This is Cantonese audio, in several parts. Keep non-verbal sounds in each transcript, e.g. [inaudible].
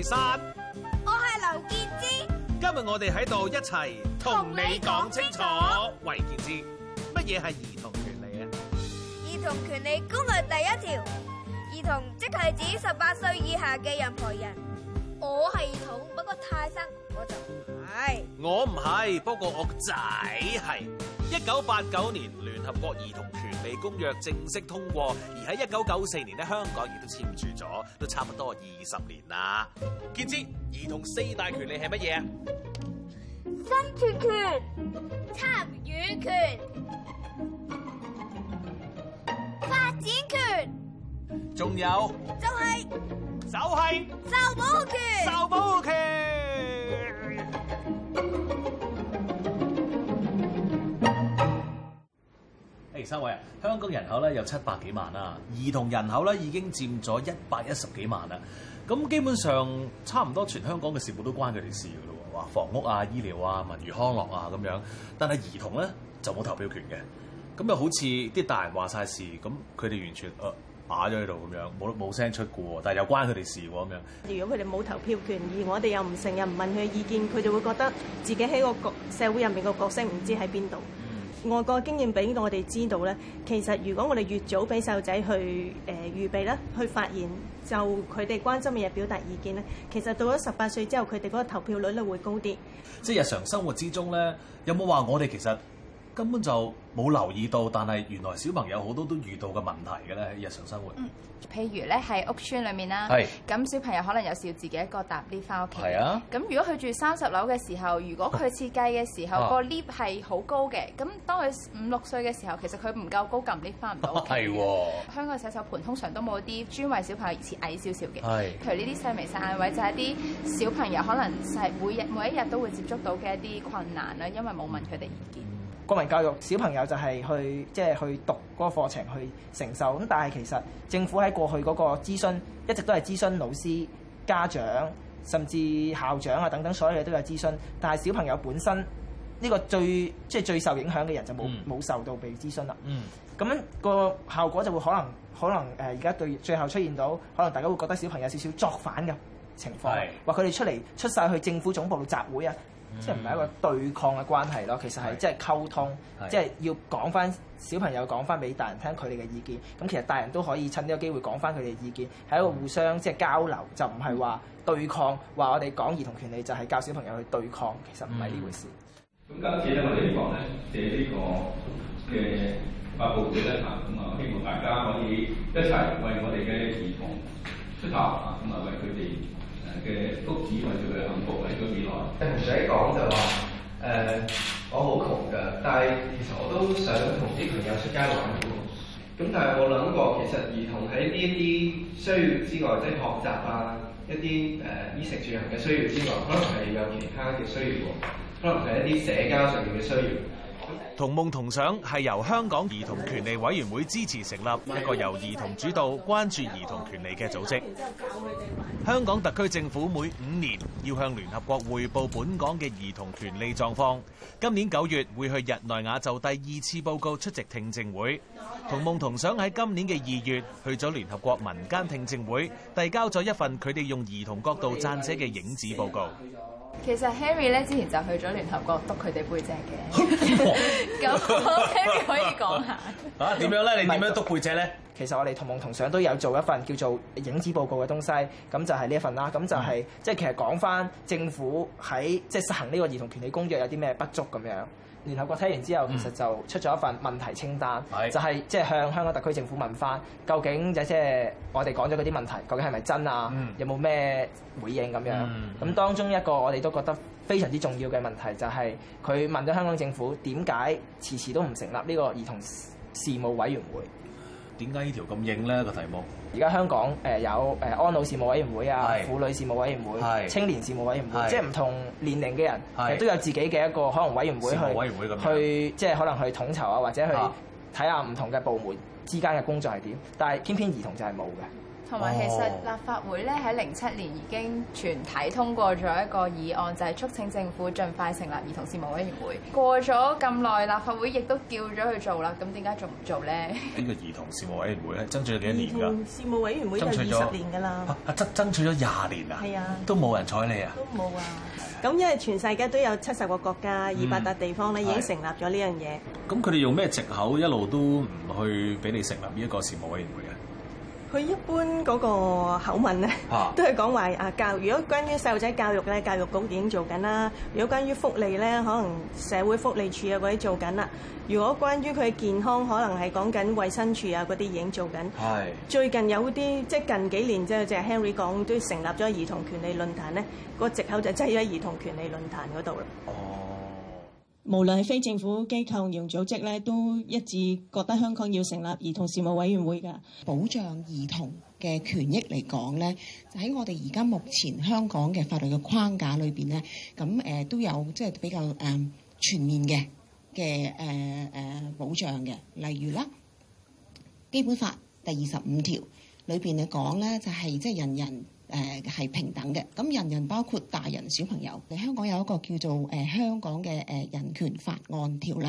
我係劉健之，今日我哋喺度一齊同你講清楚，維健之乜嘢係兒童權利啊？兒童權利公約第一條，兒童即係指十八歲以下嘅任何人。我係童，不過太生我就唔係。我唔係，不過我仔係。一九八九年聯合國兒童權利公約正式通過，而喺一九九四年咧，香港亦都簽署咗，都差不多二十年啦。杰知兒童四大權利係乜嘢啊？生存權、參與權、發展權。仲有就係就係受保護權，受保護權。誒，三位啊，香港人口咧有七百幾萬啦，兒童人口咧已經佔咗一百一十幾萬啦。咁基本上差唔多，全香港嘅事務都關佢哋事噶啦。哇，房屋啊，醫療啊，文娛康樂啊，咁樣。但係兒童咧就冇投票權嘅，咁又好似啲大人話晒事，咁佢哋完全誒。呃打咗喺度咁樣，冇冇聲出嘅喎，但係有關佢哋事喎咁樣。如果佢哋冇投票權，而我哋又唔成日唔問佢意見，佢就會覺得自己喺個社會入面個角色唔知喺邊度。外國、嗯、經驗俾我哋知道咧，其實如果我哋越早俾細路仔去誒、呃、預備咧，去發言，就佢哋關心嘅嘢表達意見咧，其實到咗十八歲之後，佢哋嗰個投票率咧會高啲。即係日常生活之中咧，有冇話我哋其實？根本就冇留意到，但係原來小朋友好多都遇到嘅問題嘅咧。喺日常生活，譬、嗯、如咧喺屋邨裏面啦，咁是小朋友可能有時要自己一個搭 lift 翻屋企，啊。咁如果佢住三十樓嘅時候，如果佢設計嘅時候 [laughs] 個 lift 係好高嘅，咁當佢五六歲嘅時候，其實佢唔夠高，撳 lift 翻唔到係喎，啊、香港洗手盆通常都冇啲專為小朋友而設矮少少嘅，係是。譬如呢啲細微細眼位，就係、是、啲小朋友可能每日每一日都會接觸到嘅一啲困難啦。因為冇問佢哋意見。國民教育小朋友就係去即係、就是、去讀嗰個課程去承受，咁但係其實政府喺過去嗰個諮詢一直都係諮詢老師、家長、甚至校長啊等等所有嘢都有諮詢，但係小朋友本身呢、個最即係、就是、最受影響嘅人就冇冇、嗯、受到被諮詢啦。咁、嗯、樣個效果就會可能可能誒而家對最後出現到可能大家會覺得小朋友有少少作反嘅情況，話佢哋出嚟出晒去政府總部的集會啊。即係唔係一個對抗嘅關係咯，其實係即係溝通，是是即係要講翻小朋友講翻俾大人聽佢哋嘅意見。咁其實大人都可以趁呢個機會講翻佢哋嘅意見，係一個互相即係交流，就唔係話對抗。話我哋講兒童權利就係、是、教小朋友去對抗，其實唔係呢回事。咁今次咧，我哋呢、這個咧借呢個嘅發佈會咧咁啊希望大家可以一齊為我哋嘅兒童出頭啊，同埋為佢哋。嘅屋企或者佢嘅幸福喺邊度？嘅童仔講就話，誒、呃，我好窮噶，但係其實我都想同啲朋友出街玩。咁但係我諗過，其實兒童喺呢一啲需要之外，即係學習啊一啲誒、呃、衣食住行嘅需要之外，可能係有其他嘅需要，可能係一啲社交上面嘅需要。童夢同想係由香港兒童權利委員會支持成立一個由兒童主導、關注兒童權利嘅組織。香港特區政府每五年要向聯合國匯報本港嘅兒童權利狀況。今年九月會去日內瓦就第二次報告出席聽證會。童夢同想喺今年嘅二月去咗聯合國民間聽證會，遞交咗一份佢哋用兒童角度撰寫嘅影子報告。其實 Harry 咧，之前就去咗聯合國督佢哋背脊嘅，咁 Harry 可以講下吓點樣咧？你點樣督背脊咧？其實我哋同夢同想都有做一份叫做影子報告嘅東西，咁就係呢一份啦。咁就係即係其實講翻政府喺即係實行呢個兒童權利公約有啲咩不足咁樣。聯合國聽完之後，其實就出咗一份問題清單，嗯、就係即係向香港特區政府問翻，究竟即係我哋講咗嗰啲問題，究竟係咪真啊？嗯、有冇咩回應咁樣？咁、嗯、當中一個我哋都覺得非常之重要嘅問題，就係佢問咗香港政府，點解遲遲都唔成立呢個兒童事務委員會？點解呢條咁硬咧個題目？而家香港誒有誒安老事務委員會啊、是婦女事務委員會、是青年事務委員會，是即係唔同年齡嘅人，是都有自己嘅一個可能委員會去，事務委員會咁去即係可能去統籌啊，或者去睇下唔同嘅部門之間嘅工作係點。但係偏偏兒童就係冇嘅。同埋其實立法會咧喺零七年已經全體通過咗一個議案，就係促請政府盡快成立兒童事務委員會。過咗咁耐，立法會亦都叫咗去做啦。咁點解仲唔做咧？呢個兒童事務委員會咧爭取咗幾多年㗎？兒童事務委員會爭取咗二十年㗎啦。啊爭爭取咗廿年啊？係啊，都冇人睬你沒啊？都冇啊。咁因為全世界都有七十個國家、二百笪地方咧已經成立咗呢樣嘢。咁佢哋用咩藉口一路都唔去俾你成立呢一個事務委員會嘅？佢一般嗰個口吻咧，啊、都係講話啊教。如果關於細路仔教育咧，教育局已經做緊啦。如果關於福利咧，可能社會福利署啊嗰啲做緊啦。如果關於佢嘅健康，可能係講緊衛生署啊嗰啲已經做緊。是最近有啲即係近幾年即係 Henry 講都成立咗兒童權利論壇咧，那個藉口就擠喺兒童權利論壇嗰度啦。哦。無論係非政府機構用組織咧，都一致覺得香港要成立兒童事務委員會㗎，保障兒童嘅權益嚟講咧，就喺我哋而家目前香港嘅法律嘅框架裏邊咧，咁誒、呃、都有即係、就是、比較誒、呃、全面嘅嘅誒誒保障嘅，例如啦，《基本法》第二十五條裏邊嚟講咧，就係即係人人。誒係、呃、平等嘅，咁人人包括大人小朋友。香港有一個叫做誒、呃、香港嘅誒《人權法案條例》，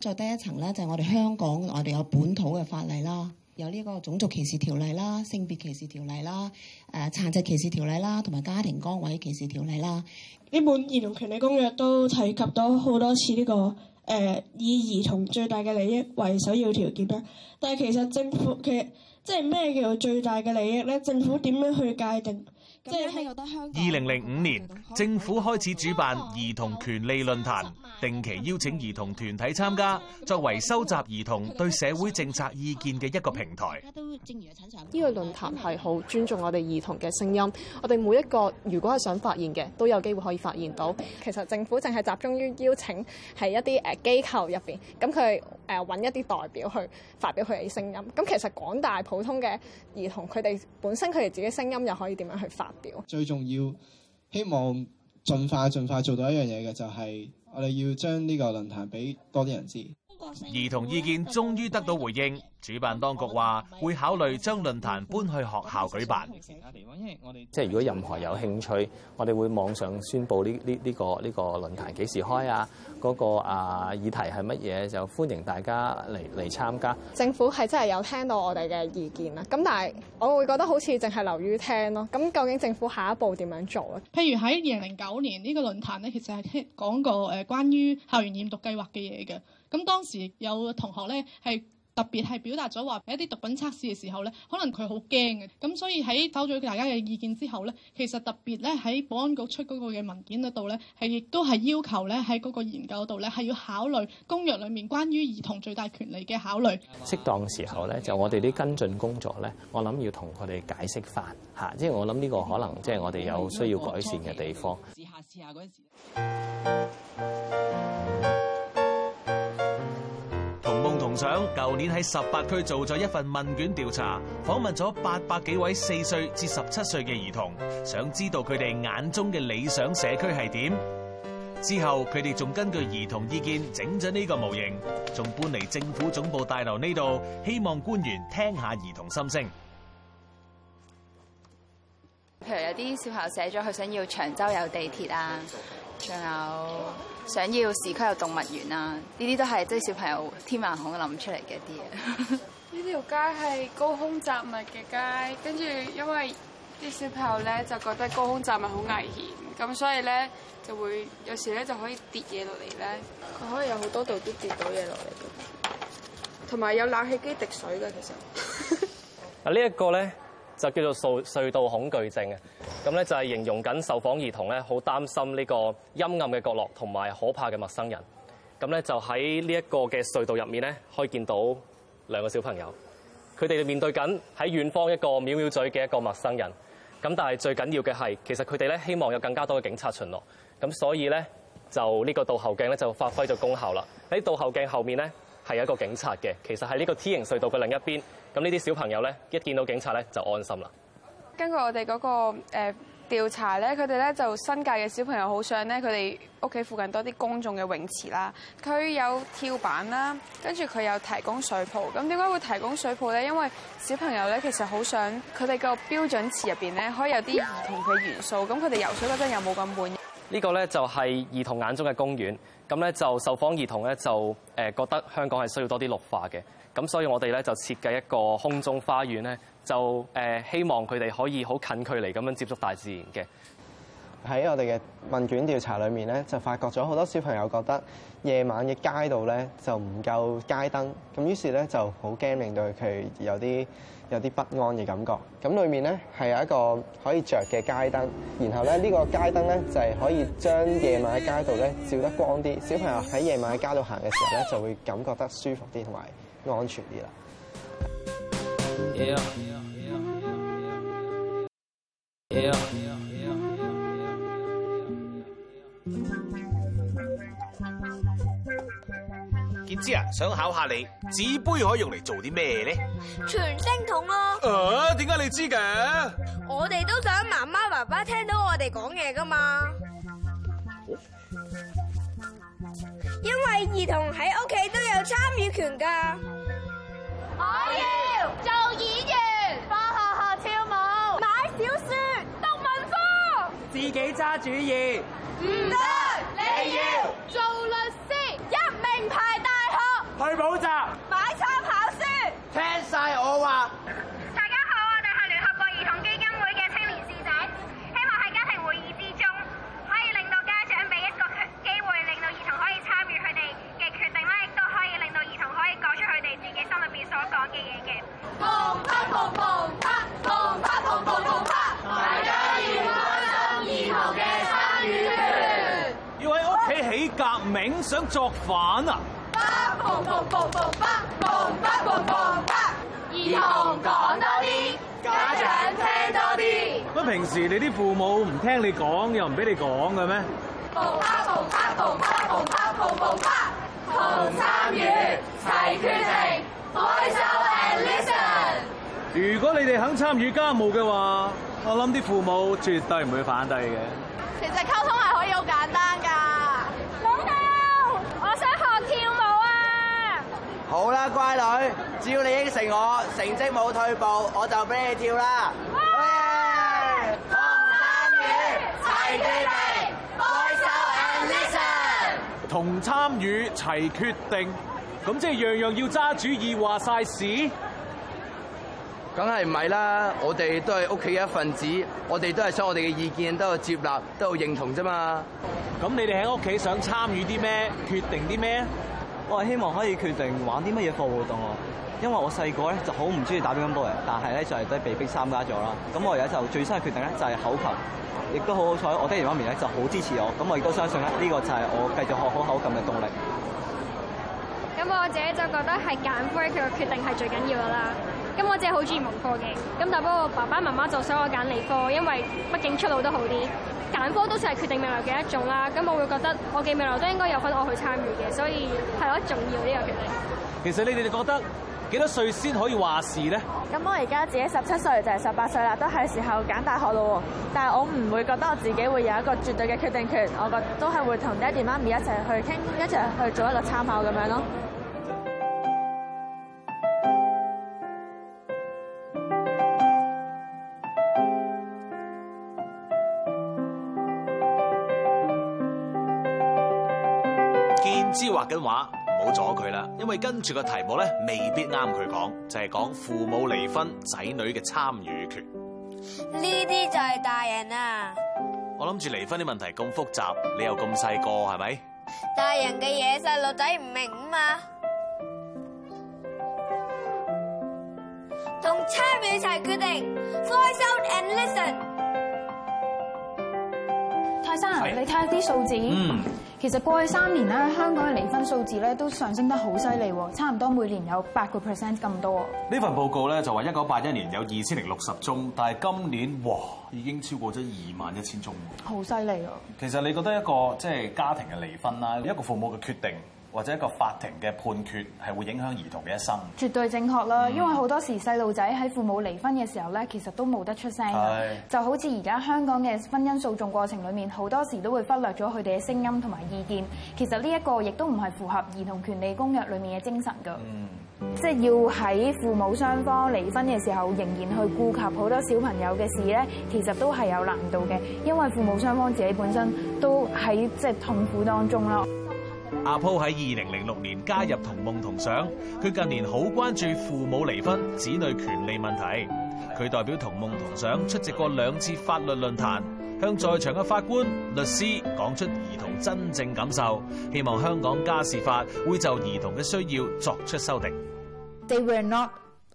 再低一層咧，就係、是、我哋香港我哋有本土嘅法例啦，有呢個種族歧視條例啦、性別歧視條例啦、誒、呃、殘疾歧視條例啦，同埋家庭崗位歧視條例啦。呢本兒童權利公約都提及到好多次呢、這個誒、呃、以兒童最大嘅利益為首要條件啦，但係其實政府嘅……即係咩叫做最大嘅利益咧？政府點樣去界定？即係我覺得香港。二零零五年，政府開始主辦兒童權利論壇。定期邀請兒童團體參加，作為收集兒童對社會政策意見嘅一個平台。呢個論壇係好尊重我哋兒童嘅聲音。我哋每一個如果係想發言嘅，都有機會可以發言到。其實政府淨係集中於邀請係一啲誒機構入邊，咁佢誒揾一啲代表去發表佢哋嘅聲音。咁其實廣大普通嘅兒童，佢哋本身佢哋自己聲音又可以點樣去發表？最重要希望盡快盡快做到一樣嘢嘅就係。我哋要將呢個論壇俾多啲人知。兒童意見終於得到回應，主辦當局話會考慮將論壇搬去學校舉辦。因為即係如果任何有興趣，我哋會網上宣佈呢呢呢個呢、這個論壇幾時開啊？嗰、那個啊議題係乜嘢？就歡迎大家嚟嚟參加。政府係真係有聽到我哋嘅意見啦。咁但係我會覺得好似淨係流於聽咯。咁究竟政府下一步點樣做咧？譬如喺二零零九年呢個論壇咧，其實係講過誒關於校園驗毒計劃嘅嘢嘅。咁當時有同學咧係特別係表達咗話，畀一啲毒品測試嘅時候咧，可能佢好驚嘅。咁所以喺走咗大家嘅意見之後咧，其實特別咧喺保安局出嗰個嘅文件嗰度咧，係亦都係要求咧喺嗰個研究度咧係要考慮公約裡面關於兒童最大權利嘅考慮。適當時候咧，就我哋啲跟進工作咧，我諗要同佢哋解釋返吓，即係我諗呢個可能即係我哋有需要改善嘅地方。試下試下嗰陣時。同想，舊年喺十八區做咗一份問卷調查，訪問咗八百幾位四歲至十七歲嘅兒童，想知道佢哋眼中嘅理想社區係點。之後佢哋仲根據兒童意見整咗呢個模型，仲搬嚟政府總部大樓呢度，希望官員聽下兒童心聲。譬如有啲小朋友寫咗佢想要長洲有地鐵啊。仲有想要市區有動物園啊！呢啲都係即係小朋友天馬行空諗出嚟嘅一啲嘢。呢條街係高空雜物嘅街，跟住因為啲小朋友咧就覺得高空雜物好危險，咁所以咧就會有時咧就可以跌嘢落嚟咧。佢可以有好多度都跌到嘢落嚟嘅，同埋有冷氣機滴水㗎，其實。啊，呢一個咧就叫做隧隧道恐懼症啊！咁咧就係形容緊受訪兒童咧，好擔心呢個陰暗嘅角落同埋可怕嘅陌生人。咁咧就喺呢一個嘅隧道入面咧，可以見到兩個小朋友，佢哋面對緊喺遠方一個藐藐嘴嘅一個陌生人。咁但係最緊要嘅係，其實佢哋咧希望有更加多嘅警察巡邏。咁所以咧就呢個倒後鏡咧就發揮咗功效啦。喺倒後鏡後面咧係有一個警察嘅，其實喺呢個 T 型隧道嘅另一邊。咁呢啲小朋友咧一見到警察咧就安心啦。根據我哋嗰個誒調查咧，佢哋咧就新界嘅小朋友好想咧，佢哋屋企附近多啲公眾嘅泳池啦。佢有跳板啦，跟住佢有提供水泡。咁點解會提供水泡咧？因為小朋友咧其實好想佢哋個標準池入面咧可以有啲兒童嘅元素。咁佢哋游水嗰陣又冇咁悶。呢個咧就係兒童眼中嘅公園。咁咧就受訪兒童咧就誒覺得香港係需要多啲綠化嘅。咁所以我哋咧就設計一個空中花園咧。就誒希望佢哋可以好近距離咁樣接觸大自然嘅。喺我哋嘅問卷調查裡面咧，就發覺咗好多小朋友覺得夜晚嘅街道咧就唔夠街燈，咁於是咧就好驚令到佢有啲有啲不安嘅感覺。咁裏面咧係有一個可以着嘅街燈，然後咧呢，呢個街燈咧就係可以將夜晚嘅街度咧照得光啲，小朋友喺夜晚嘅街度行嘅時候咧就會感覺得舒服啲同埋安全啲啦。Yeah. 耶！好耶！好耶！好耶！知唔知啊？想考下你，紙杯可以用嚟做啲咩咧？傳聲筒咯。啊？點解、啊、你知嘅？我哋都想媽媽爸爸聽到我哋講嘢噶嘛。因為兒童喺屋企都有參與權㗎。我要做演員。自己揸主意，唔得，你要做律師，一名牌大學去補習，補習買參考書，聽晒我話。作反啊！不，同，同，同，同，不，同，不，同，同，不。兒童講多啲，家長多聽多啲。乜平時你啲父母唔聽你講，又唔俾你講嘅咩？同拍，同拍，同拍，同拍，同同拍。同參與，齊決定，Boys and listen。如果你哋肯參與家務嘅話，我諗啲父母絕對唔會反對嘅。好啦，乖女，只要你應承我，成績冇退步，我就俾你跳啦。好喂同參與，齊決定，愛手 and listen，同參與，齊決定，咁即係樣樣要揸主意，話晒事，梗係唔係啦？我哋都係屋企嘅一份子，我哋都係想我哋嘅意見都有接納，都有認同啫嘛。咁你哋喺屋企想參與啲咩，決定啲咩？我係希望可以決定玩啲乜嘢課活動喎，因為我細個咧就好唔中意打乒乓波嘅，但係咧就係都係被逼參加咗啦。咁我而家就最新嘅決定咧就係口琴，亦都好好彩，我爹哋媽咪咧就好支持我，咁我亦都相信咧呢個就係我繼續學好口琴嘅動力。咁我自己就覺得係揀科嘅決定係最緊要啦。咁我真係好中意文科嘅，咁但不過爸爸媽媽就想我揀理科，因為畢竟出路都好啲。揀科都算係決定未來嘅一種啦。咁我會覺得我嘅未來都應該有份我去參與嘅，所以係好重要呢個決定。其實你哋覺得幾多歲先可以話事咧？咁我而家自己十七歲就係十八歲啦，都係時候揀大學嘞喎。但係我唔會覺得我自己會有一個絕對嘅決定權，我覺得都係會同爹哋媽咪一齊去傾，一齊去做一個參考咁樣咯。知畫緊畫，唔好阻佢啦，因為跟住個題目咧未必啱佢講，就係、是、講父母離婚仔女嘅參與權。呢啲就係大人啊！我諗住離婚啲問題咁複雜，你又咁細個，係咪？大人嘅嘢細路仔唔明啊嘛？同差表一齊決定，voice out 的 and listen。泰生，的你睇下啲數字。嗯其實過去三年咧，香港嘅離婚數字咧都上升得好犀利喎，差唔多每年有八個 percent 咁多。呢份報告咧就話一九八一年有二千零六十宗，但係今年哇已經超過咗二萬一千宗，好犀利啊！其實你覺得一個即係、就是、家庭嘅離婚啦，一個父母嘅決定。或者一個法庭嘅判決係會影響兒童嘅一生。嗯，絕對正確啦。因為好多時細路仔喺父母離婚嘅時候咧，其實都冇得出聲，對，就好似而家香港嘅婚姻訴訟過程裏面，好多時都會忽略咗佢哋嘅聲音同埋意見，其實呢一個亦都唔係符合兒童權利公約裏面嘅精神㗎。即係、嗯、要喺父母雙方離婚嘅時候，仍然去顧及好多小朋友嘅事咧，其實都係有難度嘅，因為父母雙方自己本身都喺即係痛苦當中咯。阿鋪喺二零零六年加入同夢同想，佢近年好關注父母離婚、子女權利問題。佢代表同夢同想出席過兩次法律論壇，向在場嘅法官、律師講出兒童真正感受，希望香港家事法會就兒童嘅需要作出修訂。They were not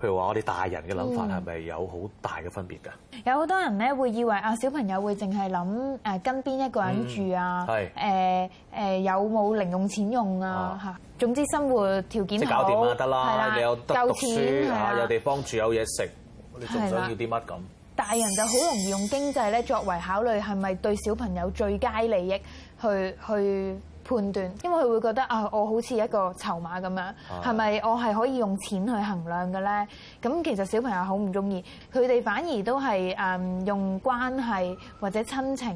譬如話，我哋大人嘅諗法係咪有好大嘅分別㗎？有好多人咧會以為啊，小朋友會淨係諗誒跟邊一個人住啊？係誒誒有冇零用錢用啊？嚇，總之生活條件即係搞掂啦，得啦，你有得讀書啊，有地方住，有嘢食，你仲想要啲乜咁？大人就好容易用經濟咧作為考慮，係咪對小朋友最佳利益去去？判斷，因為佢會覺得啊、哦，我好似一個籌碼咁樣，係咪、啊、我係可以用錢去衡量嘅咧？咁其實小朋友好唔中意，佢哋反而都係誒、嗯、用關係或者親情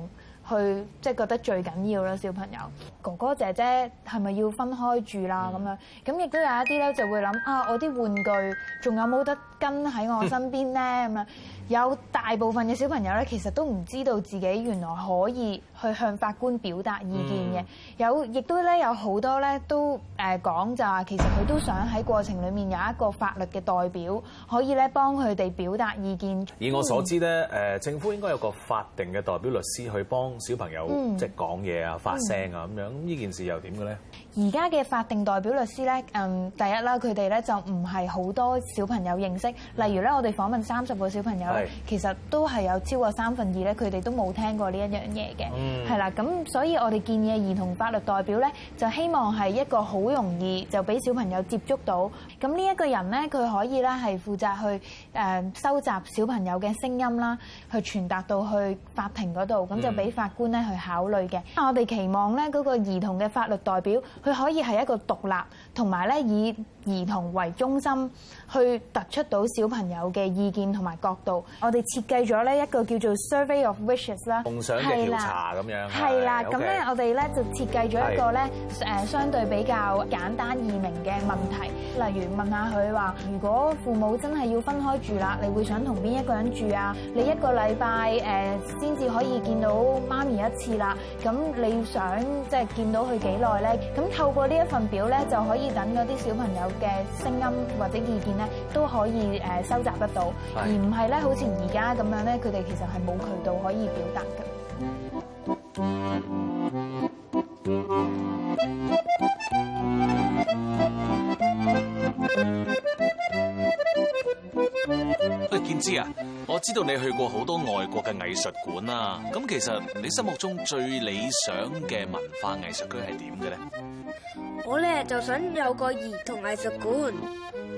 去，即、就、係、是、覺得最緊要啦。小朋友哥哥姐姐係咪要分開住啦？咁樣咁亦都有一啲咧就會諗啊，我啲玩具仲有冇得跟喺我身邊咧？咁樣 [laughs] 有大部分嘅小朋友咧，其實都唔知道自己原來可以。去向法官表達意見嘅、嗯，有亦都咧有好多咧都誒講就話，其實佢都想喺過程裏面有一個法律嘅代表，可以咧幫佢哋表達意見、嗯。以我所知咧，誒政府應該有個法定嘅代表律師去幫小朋友、嗯、即係講嘢啊、發聲啊咁、嗯、樣。呢件事又點嘅咧？而家嘅法定代表律師咧，嗯，第一啦，佢哋咧就唔係好多小朋友認識。例如咧，我哋訪問三十個小朋友、嗯、其實都係有超過三分二咧，佢哋都冇聽過呢一樣嘢嘅。嗯係啦，咁所以我哋建議兒童法律代表呢，就希望係一個好容易就俾小朋友接觸到，咁呢一個人呢，佢可以咧係負責去誒收集小朋友嘅聲音啦，去傳達到去法庭嗰度，咁就俾法官咧去考慮嘅。我哋期望呢嗰個兒童嘅法律代表，佢可以係一個獨立，同埋咧以兒童為中心，去突出到小朋友嘅意見同埋角度。我哋設計咗咧一個叫做 Survey of Wishes 啦，夢想調查咁樣。係啦，咁咧我哋咧就設計咗一個咧誒相對比較簡單易明嘅問題，例如問下佢話：如果父母真係要分開住啦，你會想同邊一個人住啊？你一個禮拜誒先至可以見到媽咪一次啦，咁你想即係見到佢幾耐咧？咁透過呢一份表咧就可以。等嗰啲小朋友嘅聲音或者意見咧，都可以誒收集得到，是的 而唔係咧好似而家咁樣咧，佢哋其實係冇渠道可以表達嘅。哎。建住啊！我知道你去過好多外國嘅藝術館啦，咁其實你心目中最理想嘅文化藝術區係點嘅咧？我咧就想有個兒童藝術館，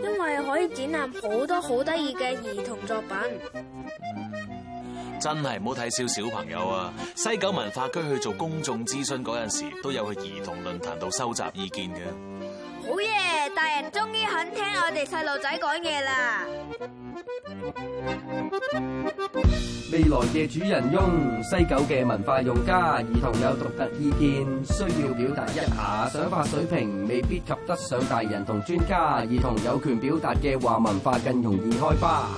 因為可以展覽好多好得意嘅兒童作品。嗯、真係唔好睇少小朋友啊！西九文化區去做公眾諮詢嗰陣時，都有去兒童論壇度收集意見嘅。好嘢！大人終於肯聽我哋細路仔講嘢啦！未來嘅主人翁，西九嘅文化用家，兒童有獨特意見，需要表達一下，想法水平未必及得上大人同專家。兒童有權表達嘅話，文化更容易開花。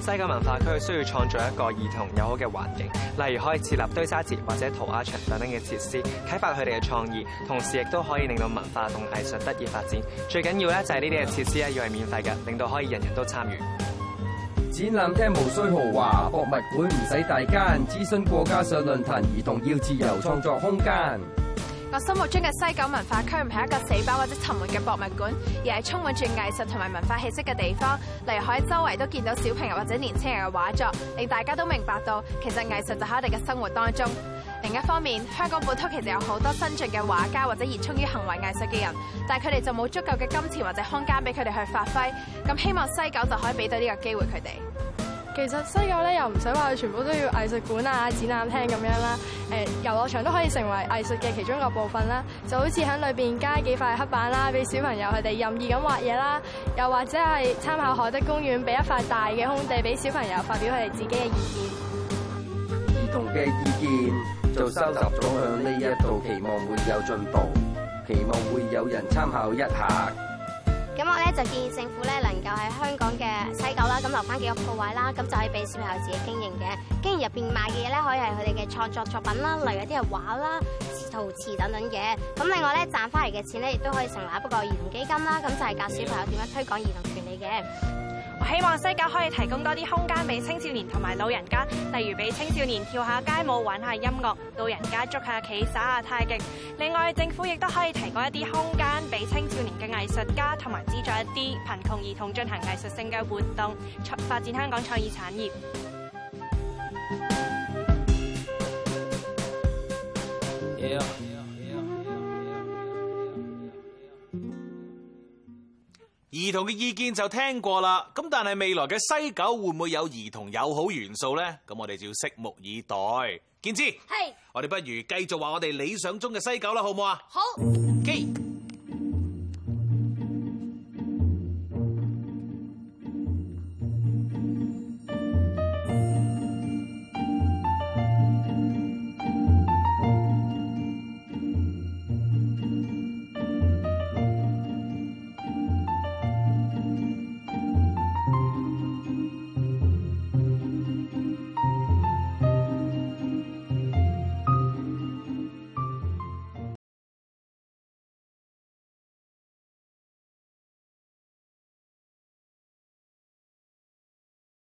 西九文化區需要創造一個兒童友好嘅環境，例如可以設立堆沙池或者塗鴉牆等等嘅設施，啟發佢哋嘅創意，同時亦都可以令到文化同藝術得以發展。最緊要咧就係呢啲嘅設施咧，要係免費嘅，令到可以人人都參與。展覽廳無需豪華，博物館唔使大間，諮詢國家上論壇，兒童要自由創作空間。我心目中嘅西九文化區唔係一個死板或者沉悶嘅博物館，而係充滿住藝術同埋文化氣息嘅地方。例如可以周圍都見到小朋友或者年輕人嘅畫作，令大家都明白到，其實藝術就喺我哋嘅生活當中。另一方面，香港本土其實有好多新晉嘅畫家或者熱衷於行為藝術嘅人，但係佢哋就冇足夠嘅金錢或者空間俾佢哋去發揮。咁希望西九就可以俾到呢個機會佢哋。其實西九咧又唔使話佢全部都要藝術館啊、展覽廳咁樣啦，誒、呃、遊樂場都可以成為藝術嘅其中一個部分啦。就好似喺裏邊加幾塊黑板啦，俾小朋友佢哋任意咁畫嘢啦，又或者係參考海德公園，俾一塊大嘅空地俾小朋友發表佢哋自己嘅意見。兒童嘅意見。就收集咗向呢一度，期望會有進步，期望會有人參考一下。咁我咧就建議政府咧能夠喺香港嘅西九啦，咁、嗯、留翻幾個鋪位啦，咁就可以俾小朋友自己經營嘅，經營入邊賣嘅嘢咧，可以係佢哋嘅創作作品啦，例如一啲係畫啦、陶瓷等等嘅。咁另外咧，賺翻嚟嘅錢咧亦都可以成立一個兒童基金啦，咁就係教小朋友點樣推廣兒童權利嘅。希望西九可以提供多啲空間俾青少年同埋老人家，例如俾青少年跳下街舞、玩下音樂，老人家捉下棋、耍下、啊、太極。另外，政府亦都可以提供一啲空間俾青少年嘅藝術家同埋資助一啲貧窮兒童進行藝術性嘅活動，促發展香港創意產業。Yeah. 兒童嘅意見就聽過啦，咁但係未來嘅西九會唔會有兒童友好元素呢？咁我哋就要拭目以待。見之，係是，我哋不如繼續話我哋理想中嘅西九啦，好唔好啊？好，好 okay.